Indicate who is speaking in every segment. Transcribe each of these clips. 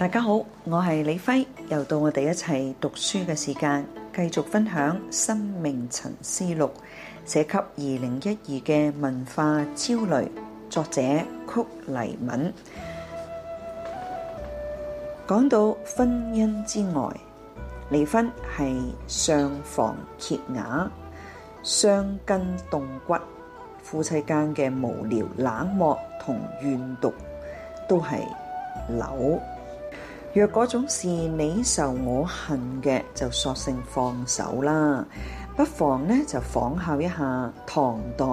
Speaker 1: 大家好，我係李輝，又到我哋一齊讀書嘅時間，繼續分享《生命沉思錄》，寫給二零一二嘅文化焦慮，作者曲黎敏。講到婚姻之外，離婚係上房揭瓦、傷筋動骨，夫妻間嘅無聊、冷漠同怨毒，都係扭。若嗰種是你仇我恨嘅，就索性放手啦。不妨呢就仿效一下唐代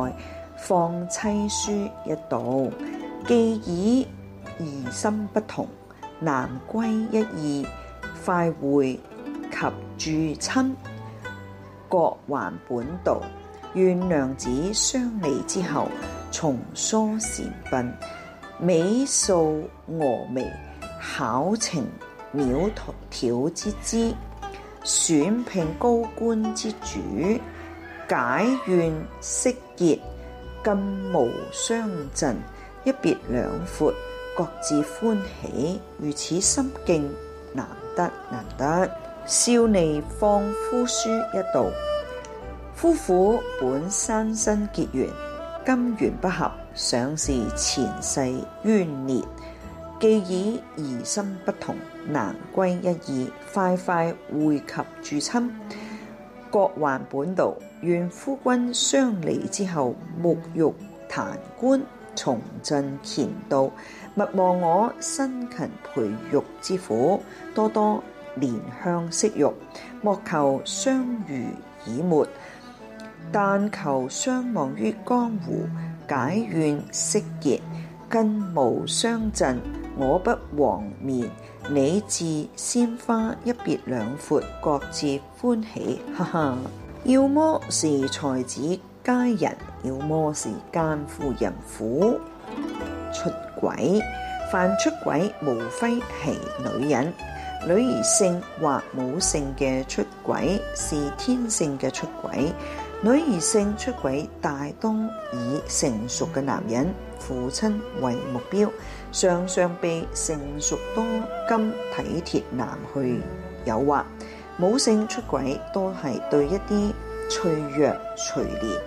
Speaker 1: 放妻書一道，既以疑心不同，難歸一意，快會及住親，各還本道。願娘子相離之後，重梳善鬢，美掃峨眉。巧情妙條之姿，選聘高官之主，解怨釋結，今無相陣，一別兩闊，各自歡喜。如此心境，難得難得。少尼放夫書一道，夫婦本三生結緣，今緣不合，想是前世冤孽。既已疑心不同，難歸一意。快快會及注親，各還本道。願夫君相離之後，沐浴檀官，重振乾道。勿忘我辛勤培育之苦，多多憐香惜玉，莫求相濡以沫，但求相忘於江湖，解怨釋結，更無相震。我不黃面，你自鮮花，一別兩闊，各自歡喜，哈哈。要麼是才子佳人，要麼是奸夫淫婦。出軌，犯出軌，無非係女人，女兒性或母性嘅出軌，是天性嘅出軌。女兒性出軌大多以成熟嘅男人父親為目標，常常被成熟多金體貼男去誘惑。母性出軌多係對一啲脆弱垂憐，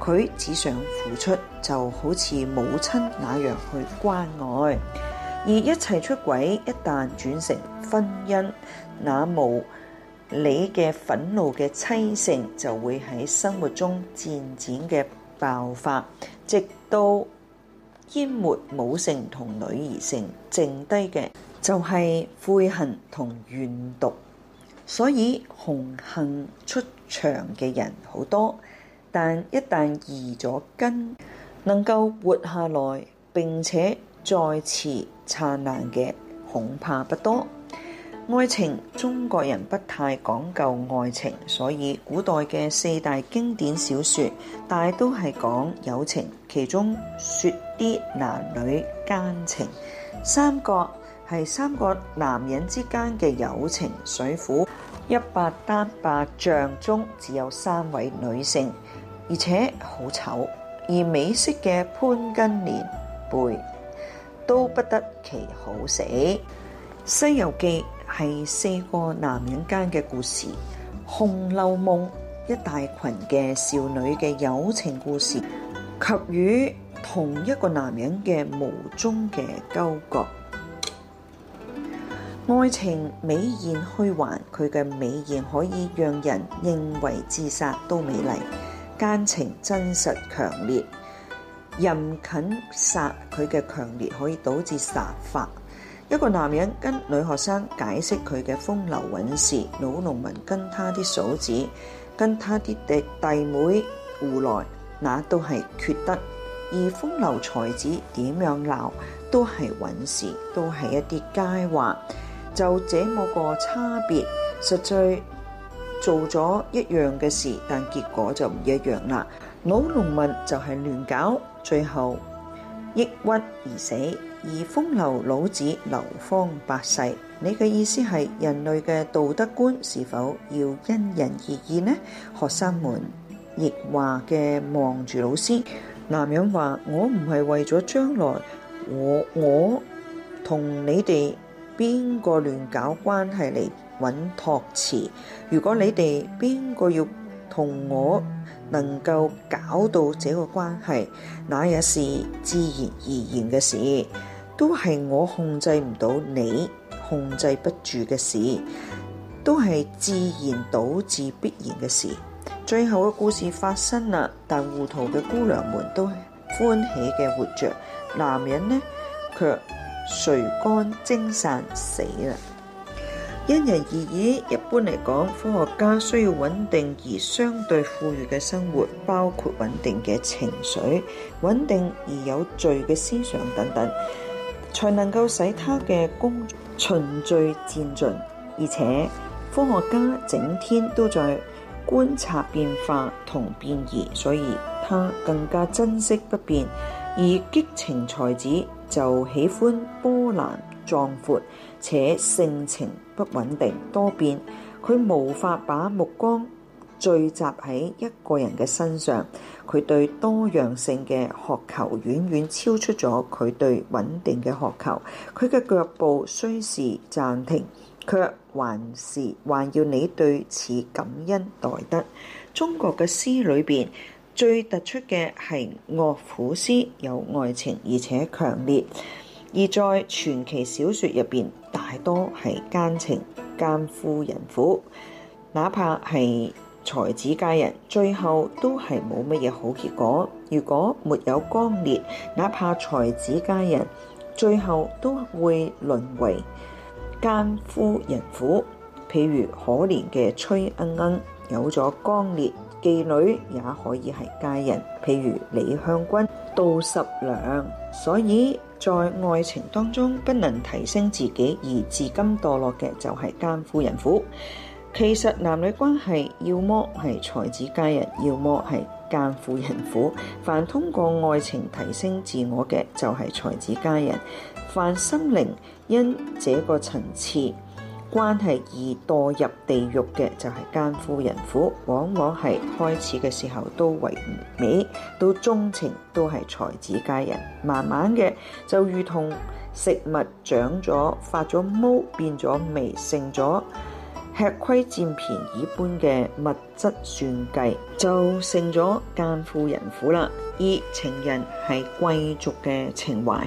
Speaker 1: 佢只想付出就好似母親那樣去關愛。而一切出軌一旦轉成婚姻，那無。你嘅憤怒嘅妻性就會喺生活中漸漸嘅爆發，直到淹沒母性同女兒性。剩低嘅就係悔恨同怨毒。所以紅杏出牆嘅人好多，但一旦移咗根，能夠活下來並且再次燦爛嘅恐怕不多。愛情，中國人不太講究愛情，所以古代嘅四大經典小説大都係講友情。其中說啲男女奸情，三國係三國男人之間嘅友情。水滸一百單八將中只有三位女性，而且好醜。而美式嘅潘金蓮背都不得其好死，《西遊記》。係四個男人間嘅故事，《紅樓夢》一大群嘅少女嘅友情故事，及與同一個男人嘅無中嘅糾葛。愛情美艷虛幻，佢嘅美艷可以讓人認為自殺都美麗。奸情真實強烈，淫近殺佢嘅強烈可以導致殺法。一個男人跟女學生解釋佢嘅風流韻事，老農民跟他啲嫂子、跟他啲弟弟妹胡來，那都係缺德；而風流才子點樣鬧，都係韻事，都係一啲佳話，就這麼個差別，實在做咗一樣嘅事，但結果就唔一樣啦。老農民就係亂搞，最後抑鬱而死。而風流老子流芳百世，你嘅意思係人類嘅道德觀是否要因人而異呢？學生們亦話嘅望住老師，男人話：我唔係為咗將來，我我同你哋邊個亂搞關係嚟揾託詞。如果你哋邊個要同我能夠搞到這個關係，那也是自然而然嘅事。都係我控制唔到，你控制不住嘅事，都係自然導致必然嘅事。最後嘅故事發生啦，但糊塗嘅姑娘們都歡喜嘅活着，男人呢，卻垂乾精散死啦。 因人而異，一般嚟講，科學家需要穩定而相對富裕嘅生活，包括穩定嘅情緒、穩定而有序嘅思想等等。才能夠使他嘅工作循序漸進，而且科學家整天都在觀察變化同變異，所以他更加珍惜不變，而激情才子就喜歡波瀾壯闊，且性情不穩定多變，佢無法把目光，聚集喺一個人嘅身上，佢對多樣性嘅渴求遠遠超出咗佢對穩定嘅渴求。佢嘅腳步雖是暫停，卻還是還要你對此感恩戴德。中國嘅詩裏邊最突出嘅係樂府詩，有愛情而且強烈；而在傳奇小説入邊，大多係奸情、奸夫淫婦，哪怕係。才子佳人最後都係冇乜嘢好結果。如果沒有剛烈，哪怕才子佳人，最後都會淪為奸夫淫婦。譬如可憐嘅崔鶯鶯，有咗剛烈，妓女也可以係佳人。譬如李香君、杜十娘。所以在愛情當中不能提升自己，而至今墮落嘅就係奸夫淫婦。其實男女關係，要麼係才子佳人，要麼係奸夫淫婦。凡通過愛情提升自我嘅，就係、是、才子佳人；凡心靈因這個層次關係而墮入地獄嘅，就係、是、奸夫淫婦。往往係開始嘅時候都唯美，到鍾情都係才子佳人，慢慢嘅就如同食物長咗、發咗毛、變咗味、成咗。吃虧占便宜般嘅物質算計，就成咗奸富人婦啦。二情人係貴族嘅情懷，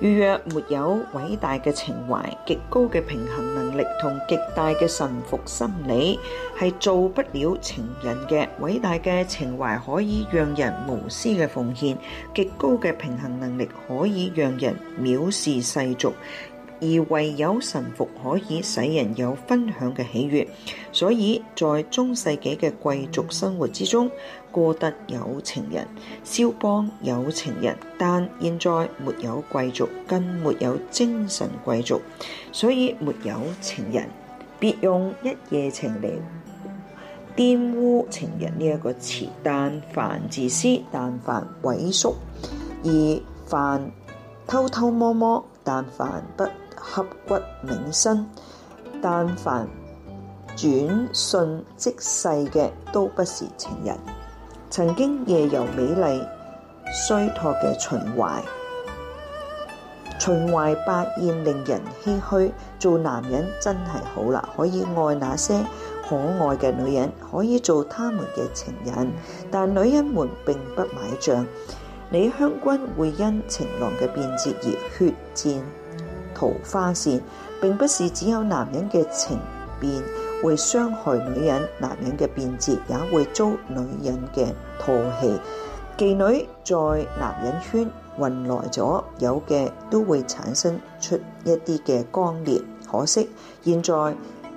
Speaker 1: 如若沒有偉大嘅情懷、極高嘅平衡能力同極大嘅臣服心理，係做不了情人嘅。偉大嘅情懷可以讓人無私嘅奉獻，極高嘅平衡能力可以讓人藐視世俗，而唯有神服可以使人有分享嘅喜悅，所以在中世紀嘅貴族生活之中過得有情人。肖邦有情人，但現在沒有貴族，更沒有精神貴族，所以沒有情人。別用一夜情嚟玷污情人呢一個詞。但凡自私，但凡猥縮，而凡偷偷摸摸，但凡不刻骨銘心，但凡轉瞬即逝嘅，都不是情人。曾經夜遊美麗、衰托嘅秦淮，秦淮八艷，令人唏噓。做男人真係好啦，可以愛那些可愛嘅女人，可以做他們嘅情人。但女人們並不買賬，李香君會因情郎嘅變節而血戰。桃花扇，並不是只有男人嘅情變會傷害女人，男人嘅變節也會遭女人嘅唾棄。妓女在男人圈混來咗，有嘅都會產生出一啲嘅光烈。可惜現在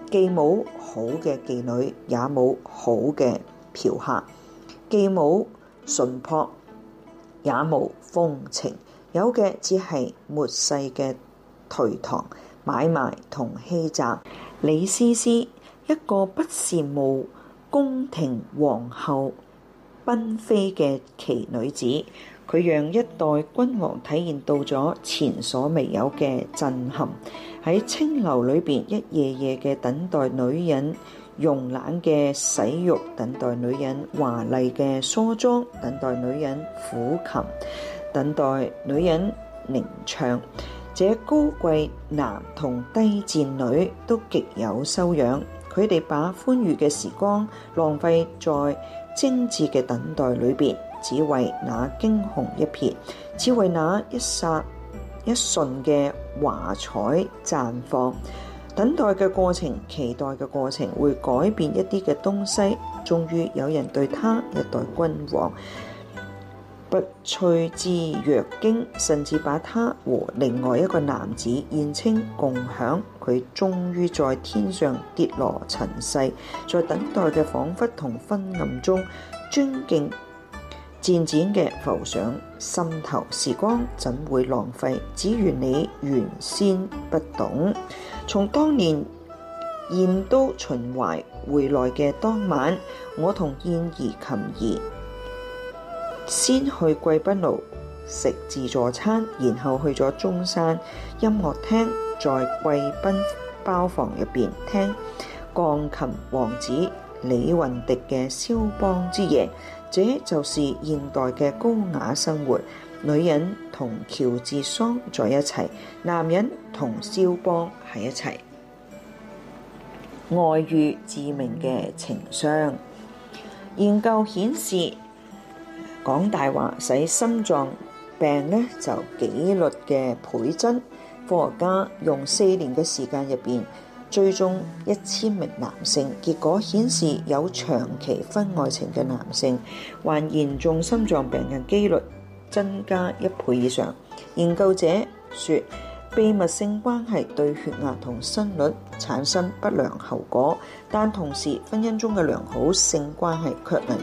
Speaker 1: 既冇好嘅妓女，也冇好嘅嫖客，既冇純樸，也冇風情，有嘅只係末世嘅頹唐買賣同欺詐。李師師一個不羨慕宮廷皇后嬪妃嘅奇女子，佢讓一代君王體驗到咗前所未有嘅震撼。喺青樓裏邊，一夜夜嘅等待女人慵懶嘅洗浴，等待女人華麗嘅梳妝，等待女人撫琴，等待女人吟唱。這高貴男同低賤女都極有修養，佢哋把歡愉嘅時光浪費在精緻嘅等待裏邊，只為那驚鴻一瞥，只為那一剎、一瞬嘅華彩綻放。等待嘅過程，期待嘅過程，會改變一啲嘅東西。終於有人對他一代君王。不趣之若驚，甚至把他和另外一個男子言稱共享。佢終於在天上跌落塵世，在等待嘅彷佛同昏暗中，尊敬漸漸嘅浮上心頭。時光怎會浪費？只願你原先不懂。從當年燕都秦淮回來嘅當晚，我同燕兒琴兒。先去貴賓樓食自助餐，然後去咗中山音樂廳，在貴賓包房入邊聽鋼琴王子李雲迪嘅肖邦之夜。這就是現代嘅高雅生活。女人同喬治桑在一齊，男人同肖邦喺一齊。外遇致命嘅情商，研究顯示。講大話使心臟病呢就幾率嘅倍增。科學家用四年嘅時間入邊追蹤一千名男性，結果顯示有長期婚外情嘅男性，患嚴重心臟病嘅幾率增加一倍以上。研究者說，秘密性關係對血壓同心率產生不良後果，但同時婚姻中嘅良好性關係卻能。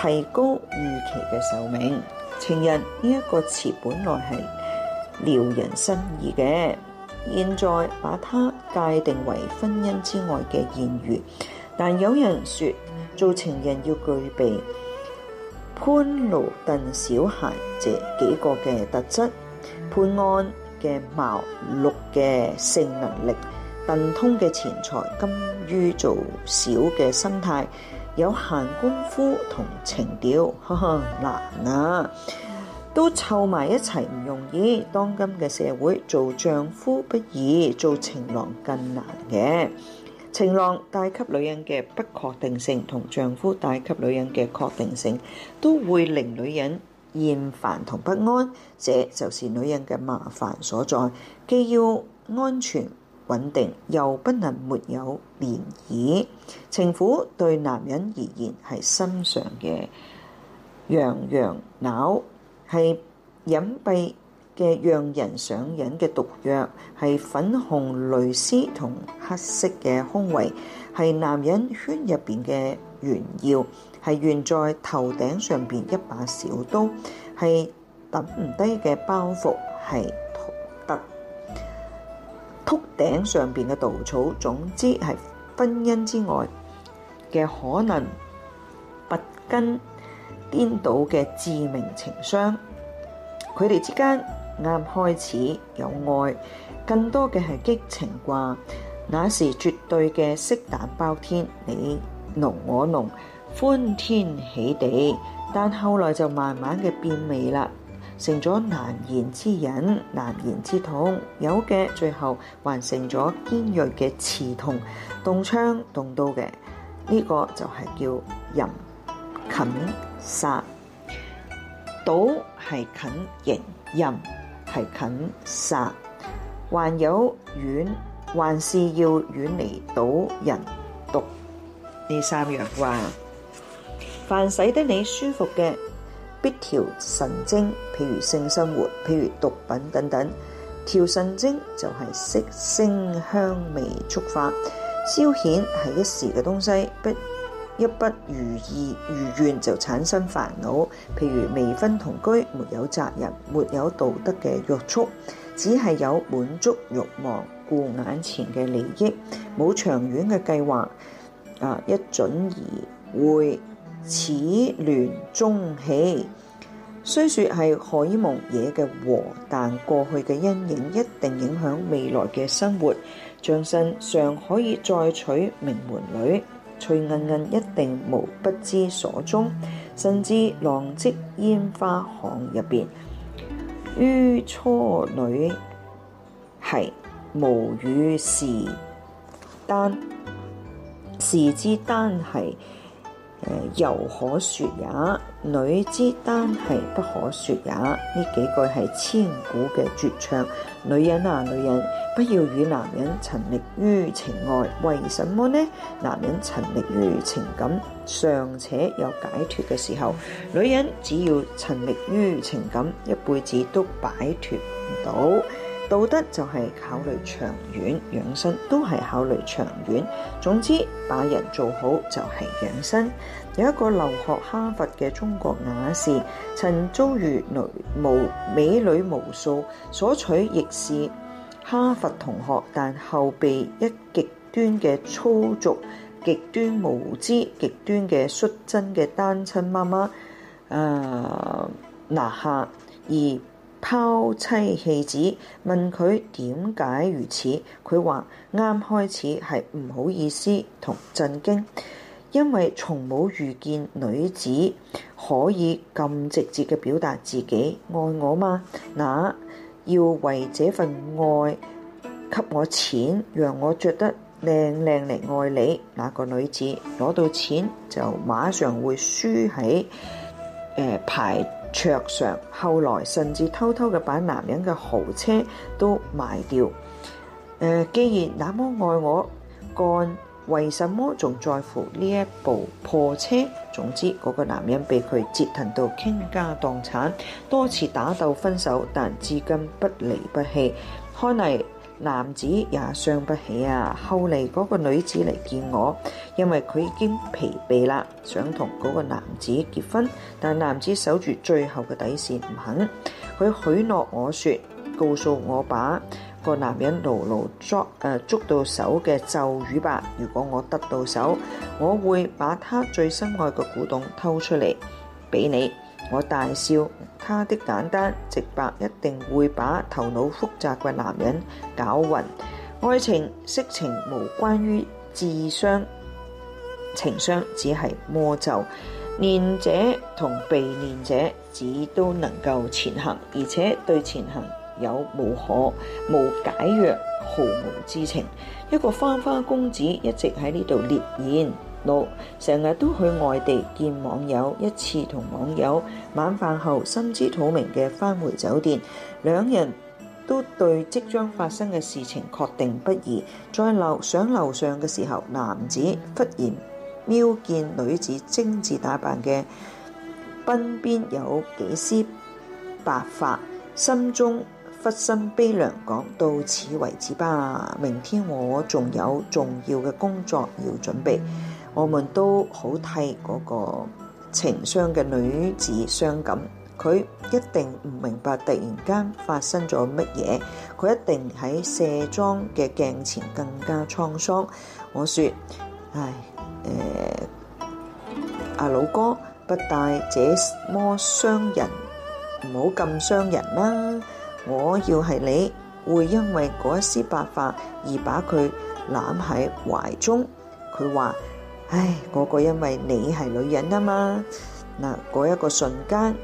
Speaker 1: 提高預期嘅壽命。情人呢一個詞，本來係撩人心意嘅，現在把它界定為婚姻之外嘅艷遇。但有人說，做情人要具備潘驢鄧小閑這幾個嘅特質：潘安嘅貌、毛驢嘅性能力、鄧通嘅錢財、甘於做小嘅心態。有閒功夫同情調，呵呵，難啊！都湊埋一齊唔容易。當今嘅社會，做丈夫不易，做情郎更難嘅。情郎帶給女人嘅不確定性，同丈夫帶給女人嘅確定性，都會令女人厭煩同不安。這就是女人嘅麻煩所在，既要安全。穩定又不能沒有漣漪，情婦對男人而言係心上嘅洋洋嬲，係隱蔽嘅讓人上癮嘅毒藥，係粉紅蕾絲同黑色嘅胸圍，係男人圈入邊嘅炫耀，係懸在頭頂上邊一把小刀，係揼唔低嘅包袱，係屋頂上邊嘅稻草，總之係婚姻之外嘅可能拔根顛倒嘅致命情傷。佢哋之間啱開始有愛，更多嘅係激情啩，那時絕對嘅色膽包天，你濃我濃，歡天喜地，但後來就慢慢嘅變味啦。成咗難言之隱、難言之痛，有嘅最後還成咗尖鋭嘅刺痛、動槍、動刀嘅。呢個就係叫淫近殺，賭係近刑，淫係近殺。還有遠，還是要遠離賭淫毒呢三樣話，凡使得你舒服嘅，必調神經，譬如性生活，譬如毒品等等。調神經就係色聲香味觸法。消遣係一時嘅東西，不一不如意如願就產生煩惱。譬如未婚同居，沒有責任，沒有道德嘅約束，只係有滿足欲望，顧眼前嘅利益，冇長遠嘅計劃。啊，一准而會。始亂終棄，雖說係海夢野嘅禍，但過去嘅陰影一定影響未來嘅生活。張生尚可以再娶名門女，崔鶯鶯一定無不知所蹤，甚至浪跡煙花巷入邊。於初女係無與時，單時之單係。誒，猶可說也；女之耽，係不可說也。呢幾句係千古嘅絕唱。女人啊，女人，不要與男人沉溺於情愛。為什麼呢？男人沉溺於情感尚且有解脱嘅時候，女人只要沉溺於情感，一輩子都擺脫唔到。道德就係考慮長遠，養生都係考慮長遠。總之，把人做好就係養生。有一個留學哈佛嘅中國雅士，曾遭遇女無美女無數，所娶亦是哈佛同學，但後被一極端嘅粗俗、極端無知、極端嘅率真嘅單親媽媽，誒、呃、拿下而。拋妻棄子，問佢點解如此？佢話啱開始係唔好意思同震驚，因為從冇遇見女子可以咁直接嘅表達自己愛我嘛。嗱，要為這份愛給我錢，讓我着得靚靚嚟愛你。那個女子攞到錢就馬上會輸喺誒牌。呃牌卓上，後來甚至偷偷嘅把男人嘅豪車都賣掉。呃、既然那麼愛我，幹為什麼仲在乎呢一部破車？總之，嗰、那個男人被佢折騰到傾家蕩產，多次打鬥分手，但至今不離不棄。看嚟。男子也傷不起啊！後嚟嗰個女子嚟見我，因為佢已經疲憊啦，想同嗰個男子結婚，但男子守住最後嘅底線唔肯。佢許諾我說，告訴我把個男人牢牢捉誒捉到手嘅咒語吧。如果我得到手，我會把他最心愛嘅古董偷出嚟俾你。我大笑。他的簡單直白，一定會把頭腦複雜嘅男人搞混。愛情、色情無關於智商、情商，只係魔咒。練者同被練者只都能夠前行，而且對前行有無可無解藥毫無知情。一個花花公子一直喺呢度獵艷。路成日都去外地見網友，一次同網友晚飯後心知肚明嘅返回酒店，兩人都對即將發生嘅事情確定不疑。再樓上樓上嘅時候，男子忽然瞄見女子精致打扮嘅鬢邊有幾絲白髮，心中忽生悲涼，講到此為止吧，明天我仲有重要嘅工作要準備。我們都好替嗰個情商嘅女子傷感，佢一定唔明白突然間發生咗乜嘢。佢一定喺卸妝嘅鏡前更加滄桑。我説：唉，誒、呃，阿老哥，不帶這麼傷人，唔好咁傷人啦。我要係你，會因為嗰一絲白髮而把佢攬喺懷中。佢話。唉，嗰個因為你係女人啊嘛，嗱，嗰一個瞬間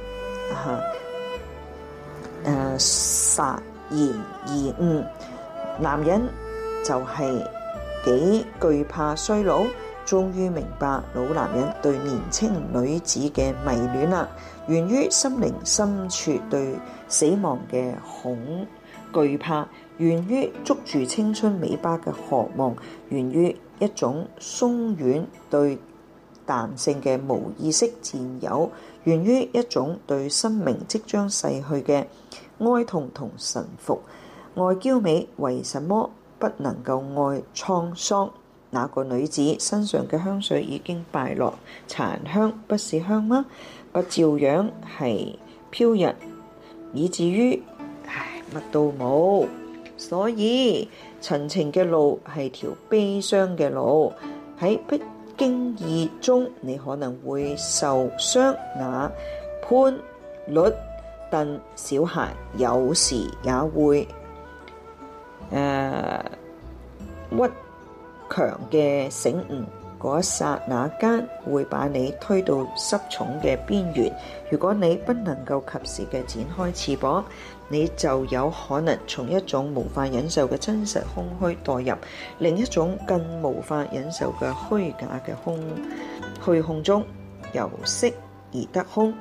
Speaker 1: 嚇，誒，煞然而悟。男人就係幾懼怕衰老，終於明白老男人對年青女子嘅迷戀啦，源於心靈深處對死亡嘅恐。懼怕，源於捉住青春尾巴嘅渴望，源於一種鬆軟對彈性嘅無意識佔有，源於一種對生命即將逝去嘅哀痛同臣服。愛嬌美為什麼不能夠愛滄桑？那個女子身上嘅香水已經敗落，殘香不是香嗎？不照樣係飄逸，以至於。乜都冇，所以陳情嘅路係條悲傷嘅路。喺不經意中，你可能會受傷。那潘律但小孩有時也會誒屈強嘅醒悟，嗰一剎那間會把你推到失重嘅邊緣。如果你不能夠及時嘅展開翅膀。你就有可能從一種無法忍受嘅真實空虛代入另一種更無法忍受嘅虛假嘅空虛空中，由色而得空，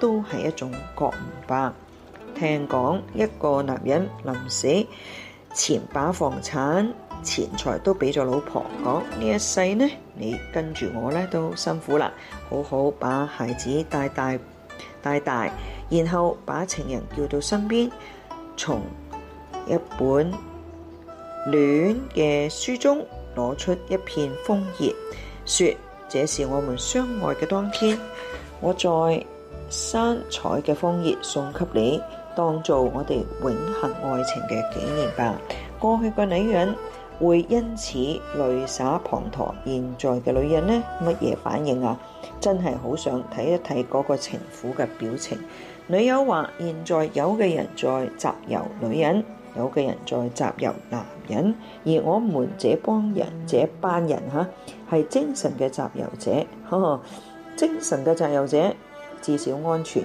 Speaker 1: 都係一種覺悟吧。聽講一個男人臨死前把房產、錢財都俾咗老婆，講呢一世呢，你跟住我呢都辛苦啦，好好把孩子帶大。大大，然後把情人叫到身邊，從一本戀嘅書中攞出一片楓葉，說：這是我們相愛嘅當天，我在山採嘅楓葉送給你，當做我哋永恆愛情嘅紀念吧。過去嘅女人，會因此淚灑滂沱。現在嘅女人呢？乜嘢反應啊？真係好想睇一睇嗰個情婦嘅表情。女友話：現在有嘅人在集遊女人，有嘅人在集遊男人，而我們這幫人、這班人嚇係、啊、精神嘅集遊者，呵，呵，精神嘅集遊者至少安全，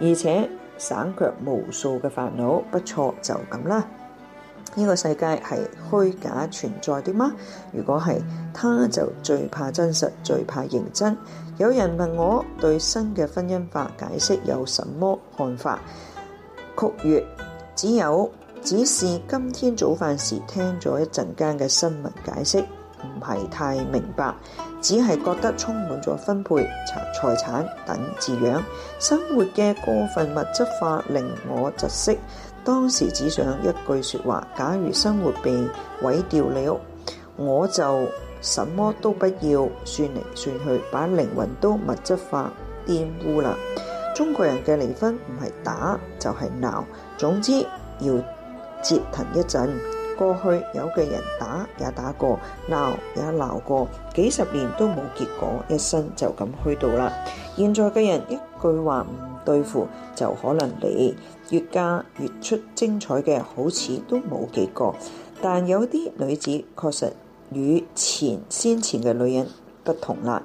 Speaker 1: 而且省卻無數嘅煩惱，不錯，就咁啦。呢個世界係虛假存在的嗎？如果係，他就最怕真實，最怕認真。有人問我對新嘅婚姻法解釋有什麼看法？曲月只有只是今天早飯時聽咗一陣間嘅新聞解釋，唔係太明白，只係覺得充滿咗分配、財產等字樣，生活嘅過分物質化令我窒息。當時只想一句説話，假如生活被毀掉了，我就什麼都不要。算嚟算去，把靈魂都物質化、玷污啦。中國人嘅離婚唔係打就係鬧，總之要折騰一陣。過去有嘅人打也打過，鬧也鬧過，幾十年都冇結果，一生就咁虛度啦。現在嘅人一句話唔對付，就可能你越加越出精彩嘅好似都冇幾個。但有啲女子確實與前先前嘅女人不同啦，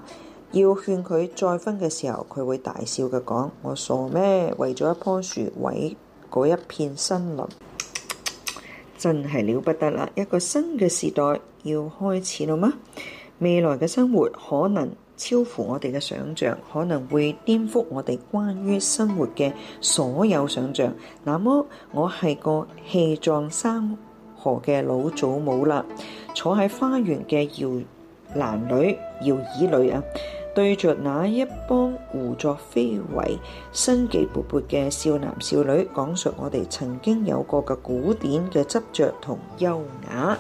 Speaker 1: 要勸佢再婚嘅時候，佢會大笑嘅講：我傻咩？為咗一棵樹毀嗰一片森林。真係了不得啦！一個新嘅時代要開始啦嗎？未來嘅生活可能超乎我哋嘅想象，可能會顛覆我哋關於生活嘅所有想象。那麼，我係個氣壯山河嘅老祖母啦，坐喺花園嘅搖籃裡、搖椅裡啊。對著那一幫胡作非為、生機勃勃嘅少男少女講述我哋曾經有過嘅古典嘅執著同優雅，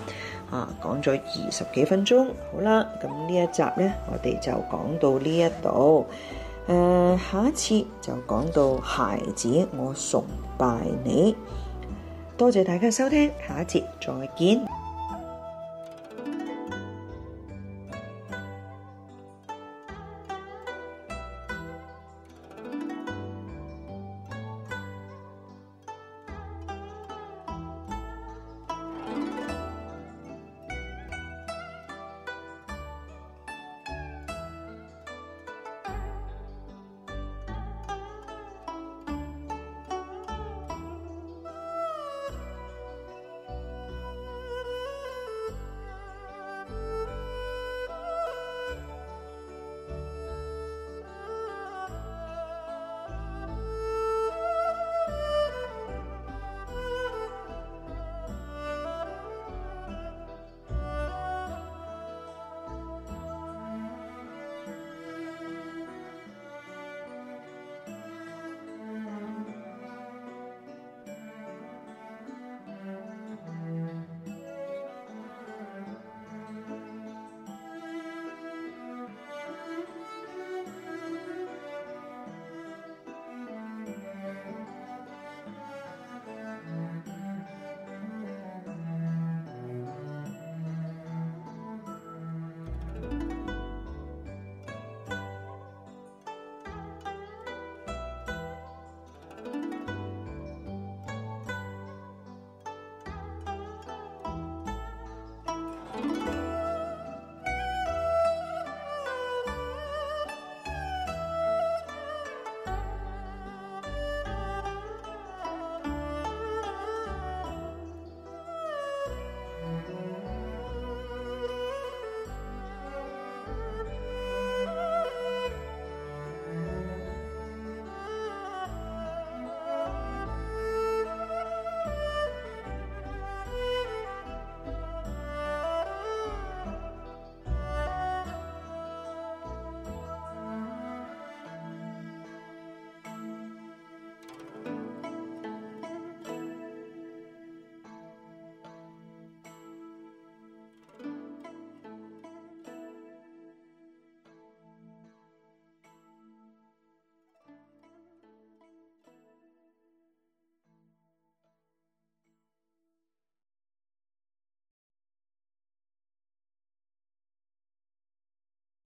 Speaker 1: 啊，講咗二十幾分鐘，好啦，咁呢一集呢，我哋就講到呢一度，誒，下一次就講到孩子，我崇拜你。多謝大家收聽，下一節再見。